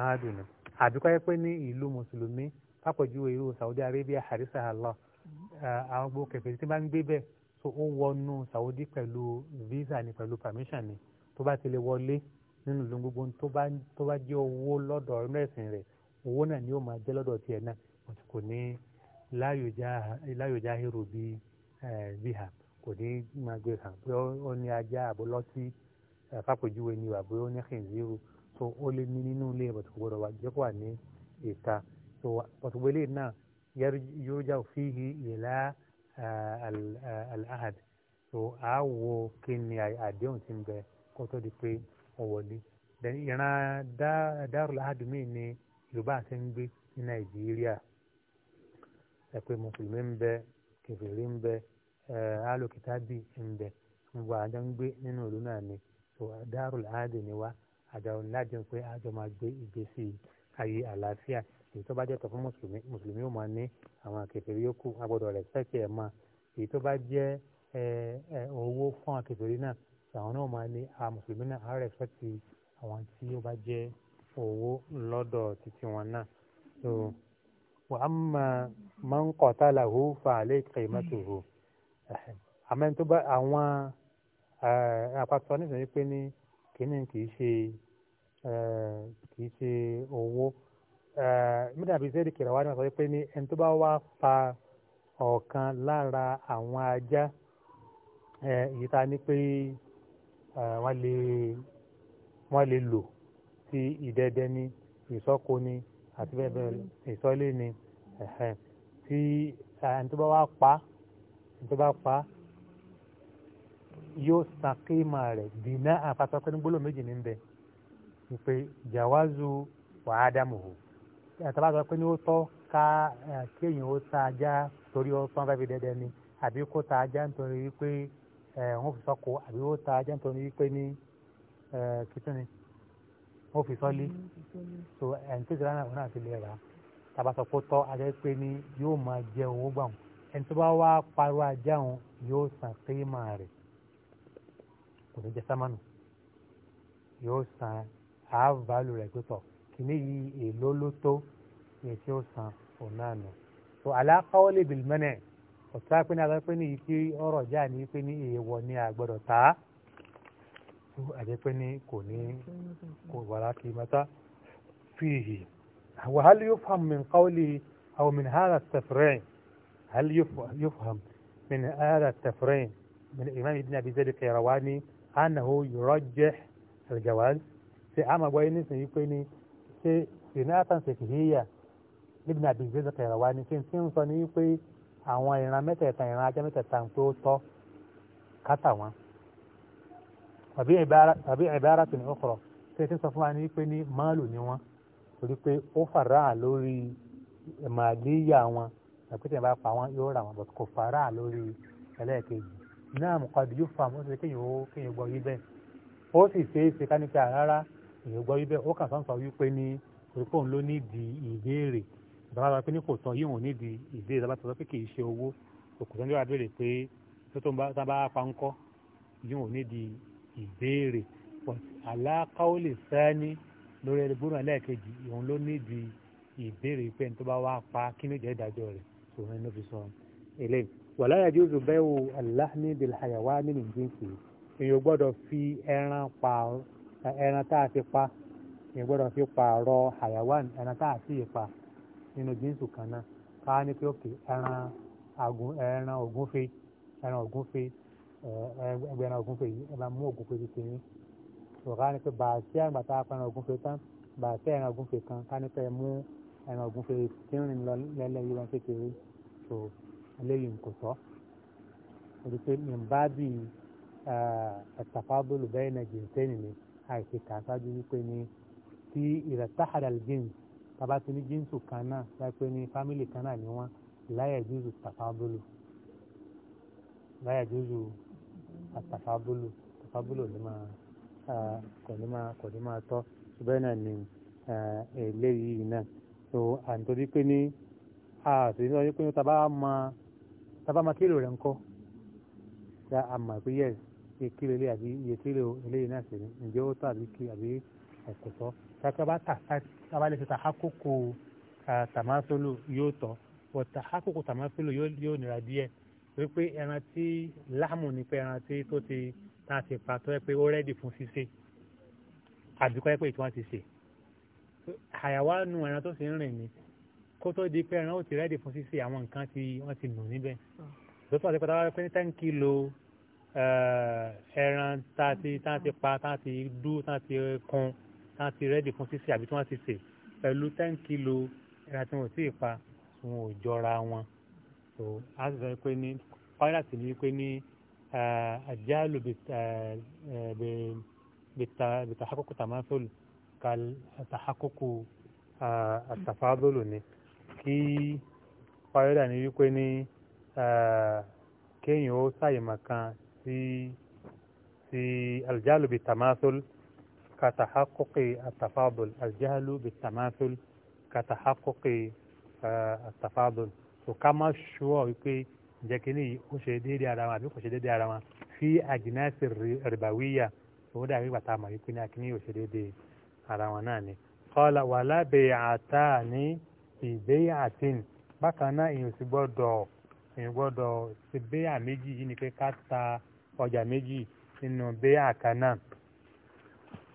ahadu nù àbíkọ́ yẹ pé ní ìlú mùsùlùmí pápọ̀jùwé irú saudi arabia harisa allah eh, àwọn gbogbo kẹfẹ́ tí bá ń gbé bẹ́ẹ̀ tó ó wọnú saudi pẹ̀lú visa ni pẹ̀lú permission ni tó bá ti lè wọlé nínú ìlú gbogbo tó bá jẹ́ owó lọ́dọ̀ ẹ̀sìn rẹ̀ owó náà ni ó máa jẹ́ lọ́dọ̀ tiẹ̀ náà kò ní láyòjá hero bíi eh, bíi hàn kò ní máa gbé hàn pé ó ní ajá àbó lọ́tí fàpèjúwe ni àbó ó ní kìnzíru so ó lé ní nínú ilé bọ̀tù kò gbọdọ̀ wà ní ìta so bọ̀tù gbélé náà yóò já òfìhì ìlà al-ahad so a wo kí ni àdéhùn ti ń bẹ kó tó di pé ó wọlé ìran dárò ládùmí ni yorùbá àti ń gbé ní nàìjíríà ẹ pé mùsùlùmí ń bẹ kẹfìrí ń bẹ. Eh, alu kitabi ńbẹ gbogbo àjọ ń gbé nínú ìlú náà ni so darul adi ni wa àjọ ńlájọ pé àjọ máa gbé ìgbésí ayé àlàáfíà èyí tó bá jẹ́ tọ̀ fún mùsùlùmí mùsùlùmí ó máa ní àwọn kèfèrí yòókù agbọ́dọ̀ rẹ̀ sẹ́kì ẹ̀ máa èyí tó bá jẹ́ eh, eh, owó fún àwọn náà àwọn náà máa ní àwọn mùsùlùmí náà á rẹ̀ sẹ́kì àwọn tí ó bá jẹ́ owó lọ́dọ̀ títí wọn náà so wa amma man qatalahu fa alayhi àmọ́ tó bá àwọn àpapọ̀ nítorí pé ní kínní kìí ṣe kìí ṣe owó mídàbí sẹ́ẹ̀dì kìlọ̀ wá ní wọ́n sọ pé ní ẹni tó bá wá pa ọ̀kan lára àwọn ajá èyí tá a ní pé wọ́n lè wọ́n lè lò sí ìdẹ́dẹ́ ní ìsọ́kò ní àti bẹ́ẹ̀ bẹ́ẹ̀ ìsọ́lé ní tí ẹni tó bá wá pa á tó bá pa yóò sàkéèmà rẹ̀ dìnnà àfàsọ́pẹ́ ní gbólóhùn méjì ní ń bẹ wípé jàwázu wàá dàmùhù àtàbà sọ pé ní ó tọ́ ká kéèyàn ó ta ajá torí ó tán fẹ́ẹ́ fi dẹ́dẹ́ ni àbí kó ta ajá nítorí wípé wọ́n fi sọ́kò àbí ó ta ajá nítorí wípé ní kìtìnì wọ́n fi sọ́lé so ẹ̀ ń tẹ̀síwájú náà ti lè rà tàbá sọ pé ó tọ́ ajá pé ní yóò máa jẹ owó gbàmù ẹni tó bá wá parọ́ ajá òun yóò san kéèmà rẹ̀ kò ní jẹ sámánù yóò san half value rẹ̀ pípọ̀ kìíní yìí èló ló tó èyí tí ó san òun náà nù. tó aláàkọ́wọ́ lè bìlì mẹ́nẹ̀ ọ̀tá pé ní agbára ní yìí tí ọ̀rọ̀ já ní pé ní èèwọ̀ ni àgbọ̀dọ̀ tá a tó àjẹ́ ní kò ní kò wàrà kì í mọ́tá fìhì wàhálà yóò fà mí nǹkan ó lè àwọn mìíràn hàn àti tẹ̀fẹ̀rẹ̀ yìí. هل يفهم من هذا التفريم من الإمام ابن أبي زيد القيرواني أنه يرجح الجواز في عام بويني سيكوني في سنة فقهية ابن أبي زيد القيرواني في سنة سنة àwọn ìran mẹ́tẹ̀ẹ̀ta ìran ajá mẹ́tẹ̀ẹ̀ta tó tọ́ kátà wọn àbí ìbára tó ní ọkọ̀rọ̀ tí ẹ ti sọ fún wa ní pé ní máàlù ni wọn torí pé ó fara lórí màálíyà wọn àpètè bá pa wọn yóò rà wọn bọ̀t kò fara lórí ẹlẹ́ẹ̀kejì náà mo kọ́ni yóò fa mo ṣe kéèyàn ó kéèyàn gbọ́ yí bẹ́ẹ̀ ó sì ṣeé ṣe ká ní pé rárá èèyàn gbọ́ yí bẹ́ẹ̀ ó kàn sọ́nsọ́ wípé ní òrùkọ́ òun ló nídìí ìbéèrè ìjọba bá pé ní kò tán yìí òun nídìí ìbéèrè ìjọba sọ pé kì í ṣe owó òkùnrin yóò béèrè pé tó tó ń bá pa ń kọ́ yìí nídìí ìbéèrè sòwọ́n ló fi sọ eléyìí wàlá yajuzu bai'u al-lahmi bil-hayawani min jinsi èèyàn gbọ́dọ̀ fi ẹran pa ẹran tá a fi pa èèyàn gbọ́dọ̀ fi pààrọ̀ hayawani ẹran tá a sì pa nínú jíǹsù kan náà ká ní pé òkè ẹran àgùn ẹran ògúnfe ẹran ògúnfe ẹgbẹ̀rún ògúnfe yìí ẹ máa mú ògúnfe tuntun yín ọ̀gá ni pé bàtí àgbà tá a pa ẹran ògúnfe tán bàtí ẹran ògúnfe kan ká ní pé mú ẹran ògúnfe tí ń rìn lọ lẹ́lẹ́ yìí wọn kékeré so eléyìí kò sọ torí pé nǹbá bí àtàfábólù bẹ́ẹ̀ na jìnsẹ́nì ni àìsí kàṣáájú wípé ni tí ìrẹ̀tàhàdà jìns bàbá ti ní jíǹsù kan náà láìpẹ́ ní fámìlì kan náà ni wọ́n láyà jùzù tàfábólù láyà jùzù àtàfábólù tàfábólù ni máa kò ní máa kò ní máa tọ́ bẹ́ẹ̀ náà ni eléyìí náà so àǹtorí pé ní àti sọ pé tàbá ma kílò rẹ̀ ń kọ́ ya àmà pé yẹ iye kílò ilé àbí iye kílò eléyìí náà sì ní ǹjẹ́ ó tọ́ àbí kí àbí ẹ̀kọ́ tọ́ tàbá tàbá lè ṣe tàhákòkò tàmásólò yóò tọ́ wọ́n tàhákòkò tàmásólò yóò nira díẹ̀ wípé ẹran tí láàmù ni pé ẹran tí tó ti tá a ti pa tó yẹ pé ó rẹ́dì fún ṣíṣe àbíkọ́ yẹ pé ìtura ti ṣe àyàwó àánú ẹran tó sì ń rìn ni kó tó di pé ẹran ó ti rẹ́dì fún ṣíṣe àwọn nǹkan tí wọ́n ti nù níbẹ̀ lọ́tọ́ àti pátápátá pé ní ten kilo eh, ẹran tá a ti pa tá a ti dú tá a ti kun tá a ti rẹ́dì fún ṣíṣe àbí tí wọ́n ti sè pẹ̀lú ten kilo ẹran tí wọ́n ti pa wọn ò jọra wọn so a sì sọ pé ní pilot ní pé ní àjálù bìtàkùkù tàmáfòlù kàl àtàkùkù àtàfàdòlù ni kí fáyọ́dà ní wípé ní kéèyàn ó ṣàyẹ̀mọ̀ kan sí sí aljalu bi tamasul katahakuki atafadul aljalu bi tamasul katahakuki atafadul so ká má ṣúọ̀ wípé ǹjẹ́ kí ni ó ṣe déédéé ara wọn àbí kò ṣe déédéé ara wọn fi àjìnásì rìbàwíyà tó dàbí bàtà àmọ̀ wípé ní akíní ò ṣe déédéé ara wọn náà ni. qala wala bay'atani ìbéyà àtẹn bákan náà èèyàn sì gbọ́dọ̀ èèyàn gbọ́dọ̀ ṣe béyà méjì yìí ni pé ká ta ọjà méjì nínú béyà kan náà.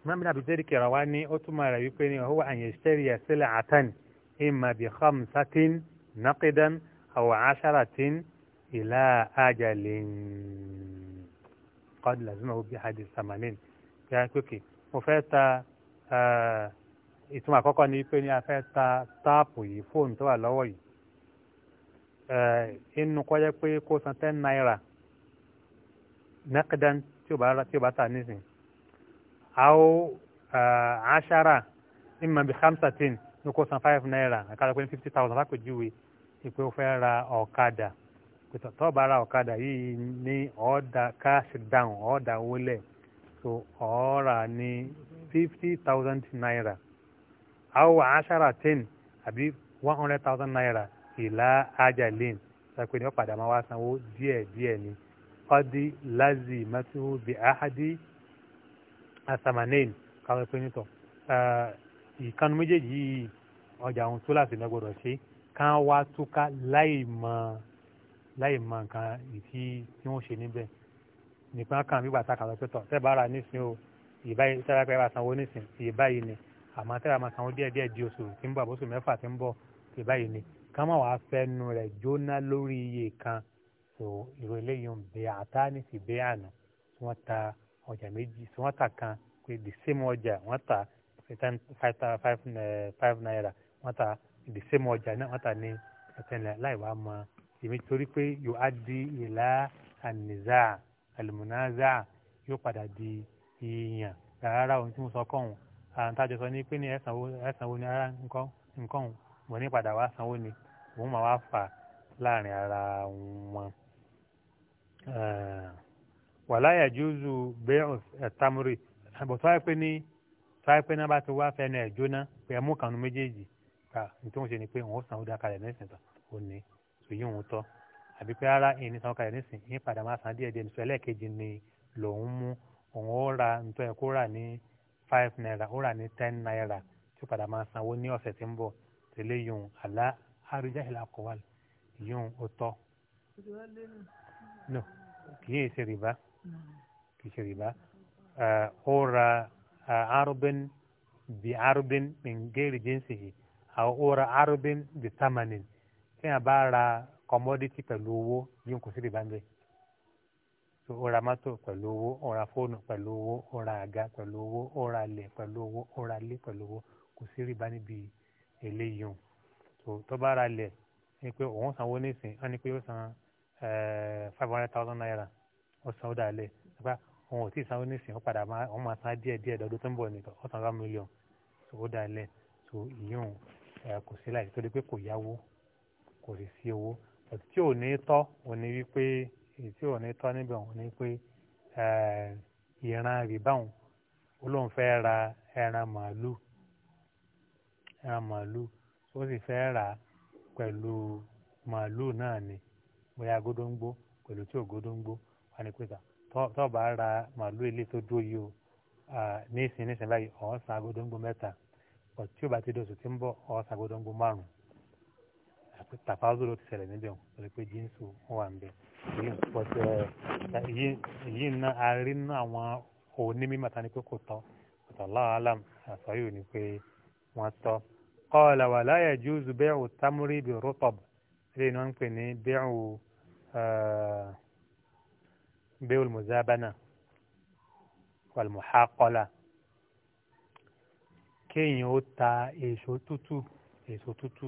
mọ́mí náà bìtẹ́rì kẹrọ wá ní ó túmọ̀ rẹ̀ wípé ní ọ̀hún àyè ṣẹ́rì ẹ̀sẹ̀lẹ̀ àtàn ìmà bí khamsatin naqidan aw asharatin ila ajalin qad lazima bi hadith samanin. bí a pé kì mo fẹ́ ta. Ah, ìtumọ̀ àkọ́kọ́ ni pé ní a fẹ́ ta táàpù yìí fóònù tó wà lọ́wọ́ yìí inú kọjá pé kó san ten naira naqdan tí o bá ta nísìn àwọ ashara imma bi khamsatin ní kó san five naira àkàrà pé ní fifty thousand lápèjúwe ìpè ó fẹ́ ra ọ̀kadà tó bá ra ọ̀kadà yìí ní ọ̀ọ́dà cash down ọ̀ọ́dà wọlé so ọ̀ọ́ra ní fifty thousand naira aw asharatin àbí one hundred thousand naira ìlà ajalin sàpé ní ọ̀padà máa wá sanwó díẹ̀ díẹ̀ ni ọdí lázi mẹ́tìrú bí ahadi asamanin káwọn pé nítọ̀ ìkànnì méjèèjì yìí ọjà ohun tó láti lọ́gbọ̀dọ̀ ṣe ká wá túká láì mọ láì mọ nǹkan ìtí tí wọ́n ṣe níbẹ̀ nìkan kan bí bàtà kan lọ pé tọ̀ tẹ́ bá ra nísìnyí o ìbáyìí tẹ́ bá pẹ́ bá sanwó nísìnyí ìbáyìí ni àmọ́ tẹ́lá máa sanwó díẹ̀ díẹ̀ di oṣù tí ń bọ̀ oṣù mẹ́fà tí ń bọ̀ tí báyìí ni ká má wàá fẹnu rẹ̀ jóná lórí iye kan tó ìró eléyìí ń bẹ àtá ní sì bẹ àná tí wọ́n ta ọjà méjì tí wọ́n ta kan pé the same ọjà wọ́n ta eh, five naira wọ́n ta the same ọjà náà wọ́n ta ní ẹ̀tẹ́lẹ̀ láì wá mọ èmi torí pé yóò á di ìlà ànìzà àlùmùnáza yóò padà di ìyàn rárá ohun tí mo sọ kọ́hún àǹtàjọ sọ ní pé ní ẹ̀sánwó ní ara nǹkan wọ̀ ní padà wá sanwó ni òun máa wá fà láàrin ara wọn. wàláyà júùsù bẹ́ẹ̀ ẹ̀tàmúrì àbọ̀ tó wáyé pé ní tó wáyé pé ní bá ti wá fẹ́ ní ẹ̀jọ́ náà pé ẹ̀mú kanu méjèèjì ká nítorí ṣe ni pé òun sanwó dá kalẹ̀ nísìnyí tán ò ní sòyí òun tọ́ àbí pé ara ìní sanwó kalẹ̀ nísìnyí padà máa san díẹ̀díẹ̀ nísòyí ẹlẹ́ẹ̀kejì ni lòun mú òun ó ra nítorí ẹ̀kọ́ rà ní five naira ó rà ní ten naira tí ó padà máa sanwó ní ọ̀sẹ̀ tí ń bọ̀ tẹ́lẹ̀ yòun àlá àrùjá ìlà kọ̀wá yòun ó tọ́. no kì í ṣe rìbá kì í ṣe rìbá ó ra arúbin bí arúbin mìngẹ́rì jíǹsì yìí àwọn ó ra arúbin bí tamanin tí a bá ra commodity pẹ̀lú owó yòun kò sí rìbá ń bẹ́ẹ̀ so ó ra mọ́tò pẹ̀lú owó ó ra fóònù pẹ̀lú owó ó ra àga pẹ̀lú owó ó ra ilẹ̀ pẹ̀lú owó ó ra ilé pẹ̀lú owó kò sí rìbá níbi eléyìí o so tó bá ra ilẹ̀ ni pé òun sanwó nísìn á ní pé ó san eh, five hundred thousand naira ó san ó dalẹ̀ nípa òun ò tí ì sanwó nísìn ó padà máa òun máa san díẹ̀ díẹ̀ dọ́dún tó ń bọ̀ ní ó san one million so ó dalẹ̀ so ìyóò eh, kò sí láì torí pé kò yáwó kò sì sí owó ọ̀tí èyí tí ò ní tọ́ níbẹ̀ òun ni pé eh, ìran rìbáwọn ó lóun fẹ́ ra ẹran màálù ẹran màálù ó sì fẹ́ rà á pẹ̀lú màálù náà ni bóyá gódóńgbó pẹ̀lú tí ò gódóńgbó wà ní pẹ́ta tó bá ra màálù ilé tó dúró yìí o ní ìsìn ní ìsìn báyìí ọ̀ọ́sàn agódóńgbó mẹ́ta ọ̀tí ò bá ti dọ̀sùn tí ń bọ̀ ọ̀ọ́sàn agódóńgbó márùn-ún pé tàfáàzòrò ti ṣẹlẹ̀ níbẹ̀ wọ́n pé jíǹsù wà ń bẹ̀ èyí ná arí ná àwọn onímọ̀ tani pé kò tọ́ ọ̀tọ̀ láàlám àsọyò ni pé wọ́n tọ́ kọ́ọ̀lá wà láyà júùsù bẹ́ẹ̀wò támúrí bí rúpọ̀b lẹ́yìn náà ń pè ní bẹ́ẹ̀wò bẹ́ẹ̀wò mùsàbánà wàlùmùhákọ́lá kéèyàn ó ta èso tútù èso tútù.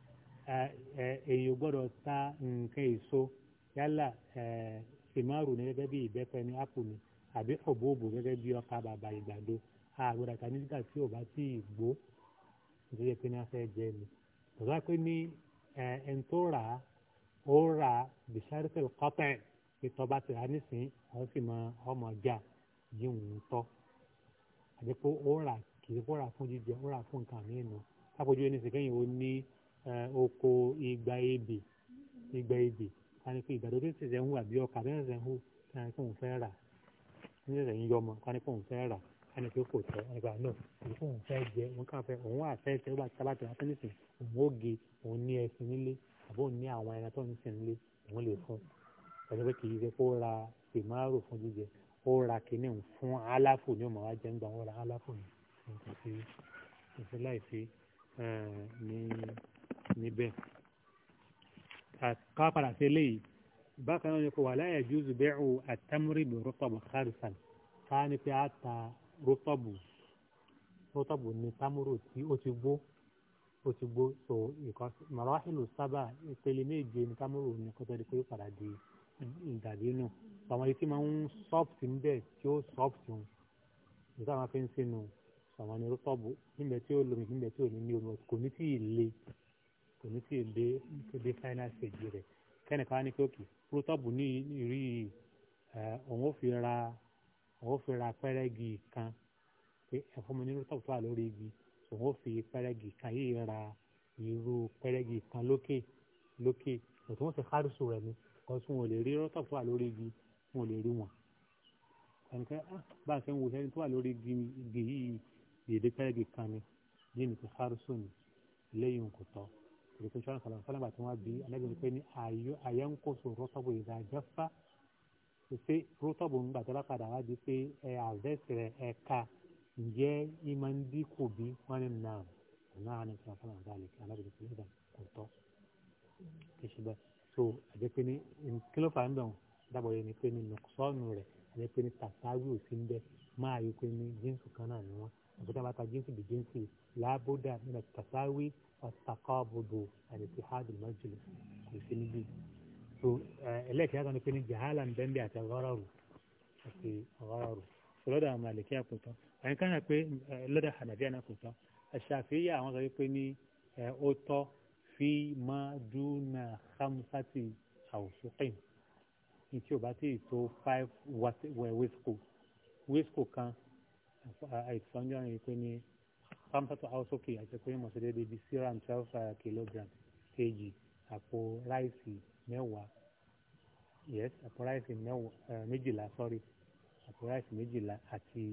èyí gbọ́dọ̀ ta nǹkan èso yálà ṣèmárù ní gẹ́gẹ́ bí ìbẹ́pẹ ní ápù ni àbí ọ̀bọ̀ọ̀bọ̀ gẹ́gẹ́ bí ọkà bàbà ìgbàdo àgbàdo àtàní nígbà tí ò bá tí ì gbó nítorí ẹ pé ní afẹ́ jẹ ni tọ́lá pé ní ẹn tó rà á ó rà á bìsárẹ́sẹ̀ kọ́tẹ̀ ìtọ́ba ti rà á nísìnyí sì mọ ọmọ ọjà yíwùn ń tọ́ àdépò ó rà kì í kó rà fún jíjẹ ó rà fún nǹkan mìíràn oko ìgbà ebè ìgbà ebè kání pé ìgbà tó ti ṣẹ̀ṣẹ̀ ń hù àbí ọkà tó ṣẹ̀ṣẹ̀ ń hù kani pé òun fẹ́ rà ní ṣẹ̀ṣẹ̀ ń yọmọ kání pé òun fẹ́ rà kání pé kò tọ́ kání pé àná èyí fún òun fẹ́ jẹ òun kàn fẹ́ òun àfẹ́ tẹ ó bá tábà tẹ wáṣẹ́ nísìn òun ó ge òun ní ẹṣin nílé àbó òun ní àwọn ẹran tó ń sìn nílé òun lè fún pẹ̀lú pé kì í ṣe kó ra tèmárò fún jíjẹ ó ra kinní fún aláfò ní òun máa níbẹ̀ ká padà sí eléyìí bákan náà ni kò wà láyé jùzù bẹ́ẹ̀rù àtẹ́múrìbì rọ́tọ̀bù kárìsàn ká ní pé a ta rọ́tọ̀bù rọ́tọ̀bù ní támúrò tí ó ti gbó ó ti gbó so because màráhìlù sábà ìpele méje ní támúrò ní kọ́tọ́ di pé ó padà di ìdàbí nù àwọn etí máa ń sọ́ọ̀pù níbẹ̀ tí ó sọ́ọ̀pù nígbà máa fi ń sínú àwọn ẹni rọ́tọ̀bù níbẹ̀ tí ó lómi níbẹ̀ tí ò ní ní omi kò ní tí ì le kò ní sí èdè tó dé final stage rẹ̀ kẹ́nìkan á ní pé òkè protop ní ìrí eh, òun ó fi ra òun ó fi ra pẹ́rẹ́gì kan pé ẹ̀fọ́ mi ní protop tó wà lórí igi òun ó fi pẹ́rẹ́gì kan yìí ra irú pẹ́rẹ́gì kan lókè lókè òtún wọn ti kárùsù rẹ̀ ni ọ̀tún wọn ò lè rí protop tó wà lórí igi wọn ò lè rí wọn ẹnikẹ́ ah, bá a ṣe ń wo ẹni tó wà lórí igi yìí dèdè pẹ́rẹ́gì kan ni yìí ní ti kárùsù ni lẹ́yìn kò ìrìkúnṣọ́ náà sọ̀rọ̀ sọ́nà àti wọn bí anábì ní pé ní àyẹ̀ ń kóso rọ́tọ́bù ìdá jẹ́fà pé rọ́tọ́bù ń gbàtọ́ lápadà wá di pé ẹ àvẹ́sì rẹ̀ ẹ ka ǹjẹ́ ìmọ̀ ń dínkù bí wọ́n ní nà ọ̀nà àná ìṣẹ̀lẹ̀ sọ́nà àdáàlẹ̀ kí anábì ní pé ìdá kò tọ́ kì so àjẹ́ pé ní kí ló fà ń bẹ̀ wọ́n dábọ̀ yẹn ni pé ní nùsọ́ọ̀nù rẹ̀ àjẹ́ pé ní tàtàwí ò sí ń bẹ́ máa yọ kan náà ni wọ́n àbúdá bá ta jíǹsì bí jíǹsì làbúdà nígbà والتقابض الاتحاد المجلس الفنجي so ẹlẹ́kẹ̀ẹ́ yàtọ̀ ni pé ní jahala ń bẹ́ẹ̀ bí àti ọgọ́rọ̀rù àti ọgọ́rọ̀rù lọ́dọ̀ àwọn àlèkè àkùntàn àwọn kan náà pé lọ́dọ̀ hànàbíà náà kùntàn àṣàfihàn àwọn sọ pé ní ó tọ́ fi máa dúnà hamsati àwòsókìn ní tí o bá tí ì tó five wẹ́sìkò wẹ́sìkò kan àìsàn jọ̀ọ́ pé ní hamsatu hausoke àjẹpẹ́ mọ̀ sí déédéé bíi siram twelve eh, kilogram kg àpò ráìsì mẹ́wàá yes àpò ráìsì eh, méjìlá sorry àpò ráìsì méjìlá àti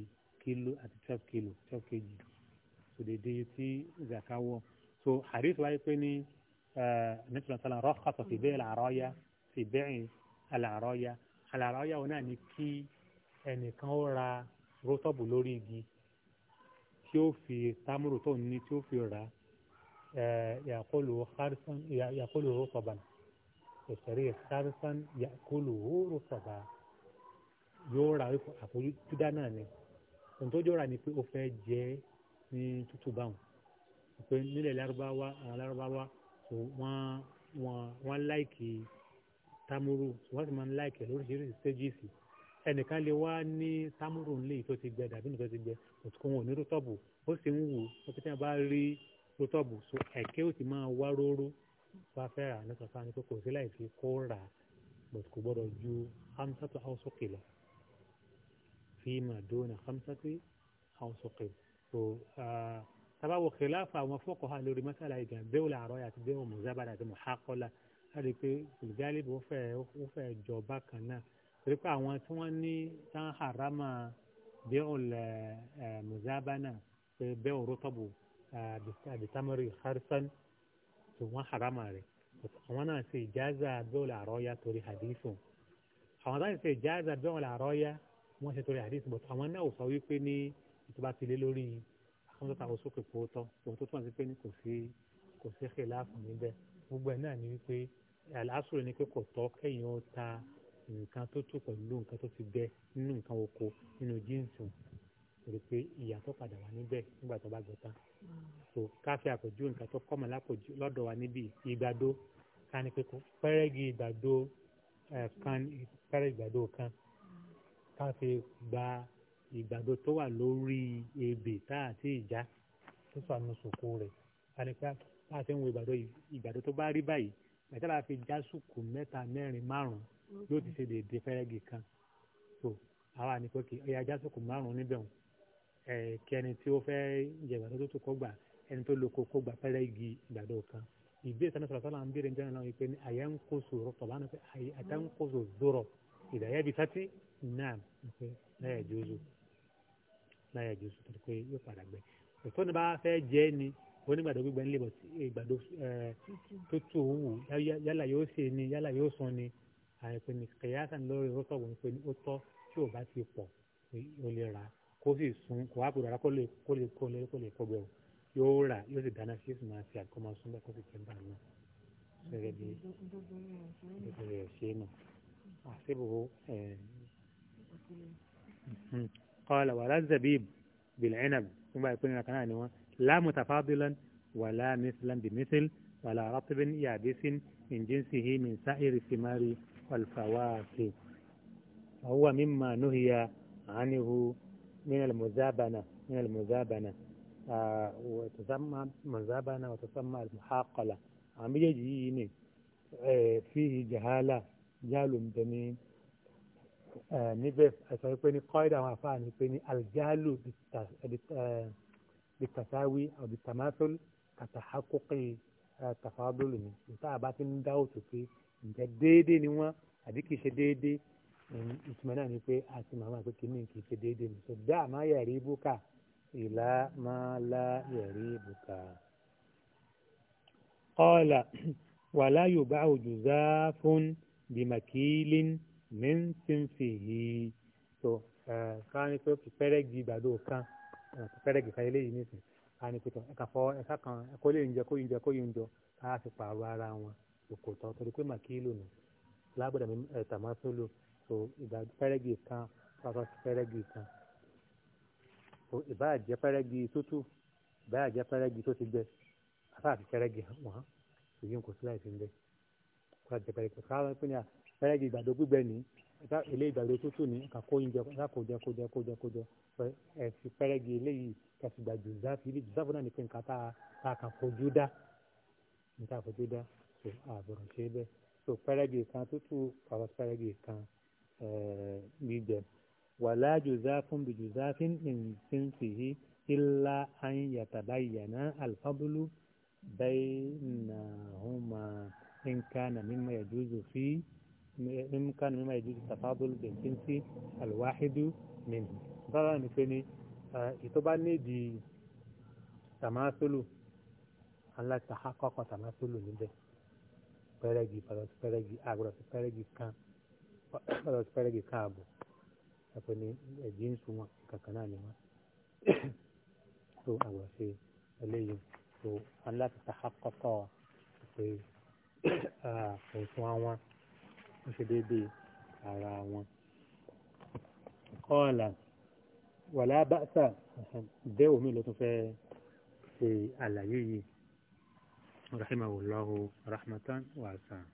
kilo àti twelve kilo twelve kg so déédéé tí zaka wọ̀ so hadith wáyé pé ní nítorí sọ́la rọ́kàtọ̀ fi bẹ́ẹ̀ làárọ̀ọ́yá fi bẹ́ẹ̀ làárọ̀ọ́yá àlàárọ̀ọ́yá wọn náà ní kí ẹnìkan ó ra rótọ́bù lórí igi tí ó fi tamuru tó ní tí ó fi rà yàkólu harisan yàkólu rúkọban ìṣẹ̀rí harisan yàkólu rúkọba yóò rà àfojúdá náà ni ohun tó jọra ni pé ó fẹ́ jẹ́ ní tútù báwọn pé nílẹ̀ lárúbáwá àwọn lárúbáwá wọ́n wọ́n wọ́n láìkì tamuru wọ́n sì máa ń láìkì lóríṣiríṣi stages ẹnìkan lè wá ní tamuru ńlẹ̀ tó ti gbẹ dàbí nìkan ti gbẹ òtún kó wọn ò ní rótọ́bù ó sì ń wù ó pé tí wọn bá rí rótọ́bù so ẹ̀kẹ́ ò ti máa wá róró wá fẹ́ rà ní sọ̀tàn ni pé kò sí láì fi kó rà but kò gbọ́dọ̀ ju hamsatu hausoke lọ fi madona hamsatu hausoke so sábàwọ̀ kìláàfà àwọn fọ́kọ̀ ha lórí mọ́sálà ìgbà bẹ́ẹ̀ làárọ̀ àti bẹ́ẹ̀ mọ̀zábàdà àti mọ̀hákọ́lá láti pé ìgbàlè ó fẹ́ jọ bákan náà torí pé àwọn tí wọ́n ní tán harama. بيع المزابنة بيع رطب بتمر خرسا ثم حرام عليه àwọn náà ṣe ìjáza bẹ́ẹ̀ làárọ̀yà torí hadithu àwọn táyà ṣe ìjáza bẹ́ẹ̀ làárọ̀yà wọ́n ṣe torí hadithu but àwọn náà ò sọ wípé ní ìtura ti lé lórí àwọn tọ́ta oṣù kẹpọ̀ tọ́ òun tó túmọ̀ sí pé ní kò sí kò sí xìláàfù níbẹ̀ gbogbo ẹ̀ náà ni wípé àlàásùrù ni pé kò tọ́ kẹ́yìn ó ta nǹkan tó tó pẹ̀lú nǹkan tó ti bẹ nínú nǹkan oko nínú jíǹsì torí pé ìyàtọ̀ padà wà níbẹ̀ nígbà tó bá gbẹ tán so káfíà kò ju nǹkan tó kọ́mọ lápòjú lọ́dọ̀ wa níbí ìgbàdo ká ní pé kó pẹ́rẹ́gì ìgbàdo eh, kan pẹ́rẹ́gì ìgbàdo kan ká fi gba ìgbàdo tó wà lórí ebè tá àti ìjà tó sọ sòkò rẹ̀ ká ní pé bá ń wo ìgbàdo tó bá rí báyìí mẹ́tàlá fi já sùkù mẹ́ta mẹ́rin márùn-ún yóò ti ṣe dèédé fẹ́rẹ́gì kan so àwa ni pé kí ẹyà jásùkù márùn-ún níbẹ̀ wọn ẹ̀ kí ẹni tí ó fẹ́ jẹ̀gbà tó tó kó gbà ẹni tó lóko kó gbà fẹ́rẹ́gì ìgbàdo kan ìbéèrè sani sọ̀rọ̀ sọ́la ń béèrè níjọ́ náà pé àyà ń kó sòrò tọ̀lá ní pé àyà ń kó sòrò ìdáyà bíi sátì náà ní pé láyà jóso láyà jóso tó pé yóò padà gbẹ ètò ní bá fẹ́ jẹ́ ni onígbàdo gbígbẹ́ ńlẹ̀ bọ̀ ìgbàdo tútù òun wù yálà yóò ṣe ni yálà yóò sùn ni àìpé ní kìyàtà lórí rọ́tọ̀ wọn pé ó tọ́ tí ò bá ti pọ̀ ó lè rà kó sì sún kó wá pè rárá kó lè kó lè kó lè kó lè kó gbẹ̀rù yóò rà yóò sì dáná sí ìsìn àti àkọ́ máa sún bẹ́ẹ̀ kó sì jẹ́ bá náà gẹ́gẹ́ bí gbogbo rẹ̀ ṣe nù àṣìbò ẹ̀ قال ولا الزبيب بالعنب ثم يكون لك لا متفاضلا ولا مثلا بمثل ولا رطب يابس من جنسه من سائر ثمار والفواكه هو مما نهي عنه من المزابنة من المزابنة آه، وتسمى مزابنة وتسمى المحاقلة عم يجيني آه، فيه جهالة جهل بنين آه، نبف أسألكني قايدة ما فاني الجهل بالتساوي أو بالتماثل كتحقق تفاضل متعبات داوت فيه ǹjẹ́ déédéé ni wọ́n àbí kìí ṣe déédéé ìtumọ̀ náà ni pé àti màmá pé kìíní kìí ṣe déédéé ni ṣùgbọ́n dá àmá yẹ̀rí bùkà ìlà máa lá yẹ̀rí bùkà. qala wala yuba'u juzafun bimakilin min sinfihi so ká ní pé pẹ́rẹ́gì ìgbàdo kan pẹ́rẹ́gì kan eléyìí nísìnyí ká ní pé ẹ̀ka fọ́ ẹ̀ka kan ẹ̀kọ́ lè ń jẹ kó yín jẹ kó yín jọ ká sì pààrọ̀ ara wọn kò tọ́ torí pé màkìlù ni lábọ̀dọ̀ mi eh, tàmásólù so ìgbà pẹ́rẹ́gì kan pàtó pẹ́rẹ́gì kan so ìbáà jẹ́ pẹ́rẹ́gì tútù ìbáà jẹ́ pẹ́rẹ́gì tó ti gbẹ àfáà àti pẹ́rẹ́gì wọn èyí kò sí láì fi ń bẹ kó láti jẹ pẹ́rẹ́gì kò sáà pé ní à pẹ́rẹ́gì ìgbàdo gbígbẹ ní ilé ìgbàdo tútù ní kàkó oúnjẹ lákòjẹ kójẹ kójẹ kójẹ ẹ fi pẹ́rẹ́gì eléyìí kẹsìgbà jùzáfì ilé jùzáfì náà ní pé nǹkan tá a kàn fojú dá nǹkan fojú dá so àgbọ̀dọ̀ ṣe bẹ́ẹ̀ so pẹ́rẹ́gì kan tútù pàrọ̀ pẹ́rẹ́gì kan eh, gbígbẹ wàlá jùzáfún bí jùzáfín ìsìnsìhí ilá an yàtàbáyàná alfabulu bẹ́ẹ̀nàhùnmá nǹkanà mímọ ẹ̀júzù fi nǹkanà mímọ ẹ̀júzù tàfàbulu bẹ̀ẹ̀nsì alwáhidu mìíràn. báwa ni pé ni ìtọ́ba eh, nídìí tàmásólù aláìsàn akọ́kọ́ tàmásólù níbẹ̀ pẹ́rẹ́gì pàtàkì pẹ́rẹ́gì àgbọ̀dọ̀ sí pẹ́rẹ́gì kan pàtàkì sí pẹ́rẹ́gì kan ààbò ẹ̀pẹ́ ní ẹ̀jíǹsù wọn kankan náà ni wọn tó àgbọ̀dọ̀ sí eléyìí tó aláti sàkọ́kọ́ pé òsùn àwọn ó ṣe déédéé ara wọn. kọ́ọ̀là wàlá bá sà dé omi ló tún fẹ́ ṣe àlàyé yìí. رحمه الله رحمة واسعة